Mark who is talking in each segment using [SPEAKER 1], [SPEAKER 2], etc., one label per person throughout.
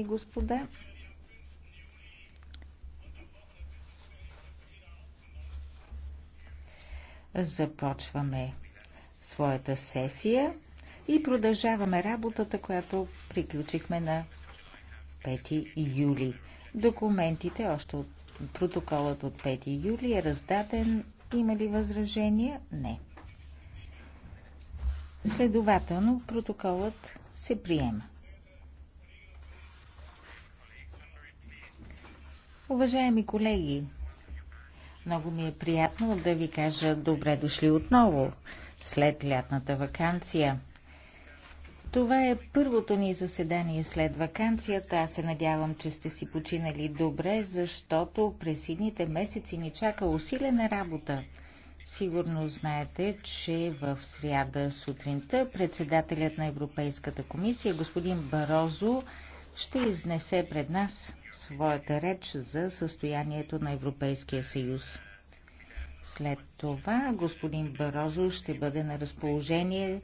[SPEAKER 1] и господа, започваме своята сесия и продължаваме работата, която приключихме на 5 юли. Документите още от протоколът от 5 юли е раздаден. Има ли възражения? Не. Следователно, протоколът се приема. Уважаеми колеги, много ми е приятно да ви кажа добре дошли отново след лятната вакансия. Това е първото ни заседание след вакансията. Аз се надявам, че сте си починали добре, защото през едните месеци ни чака усилена работа. Сигурно знаете, че в сряда сутринта председателят на Европейската комисия, господин Барозо, ще изнесе пред нас своята реч за състоянието на Европейския съюз. След това господин Барозо ще бъде на разположение,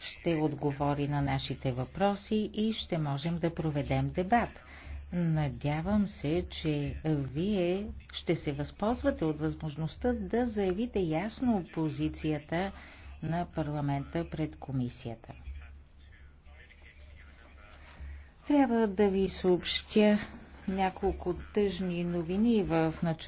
[SPEAKER 1] ще отговори на нашите въпроси и ще можем да проведем дебат. Надявам се, че вие ще се възползвате от възможността да заявите ясно позицията на парламента пред комисията. Трябва да ви съобщя няколко тъжни новини в началото.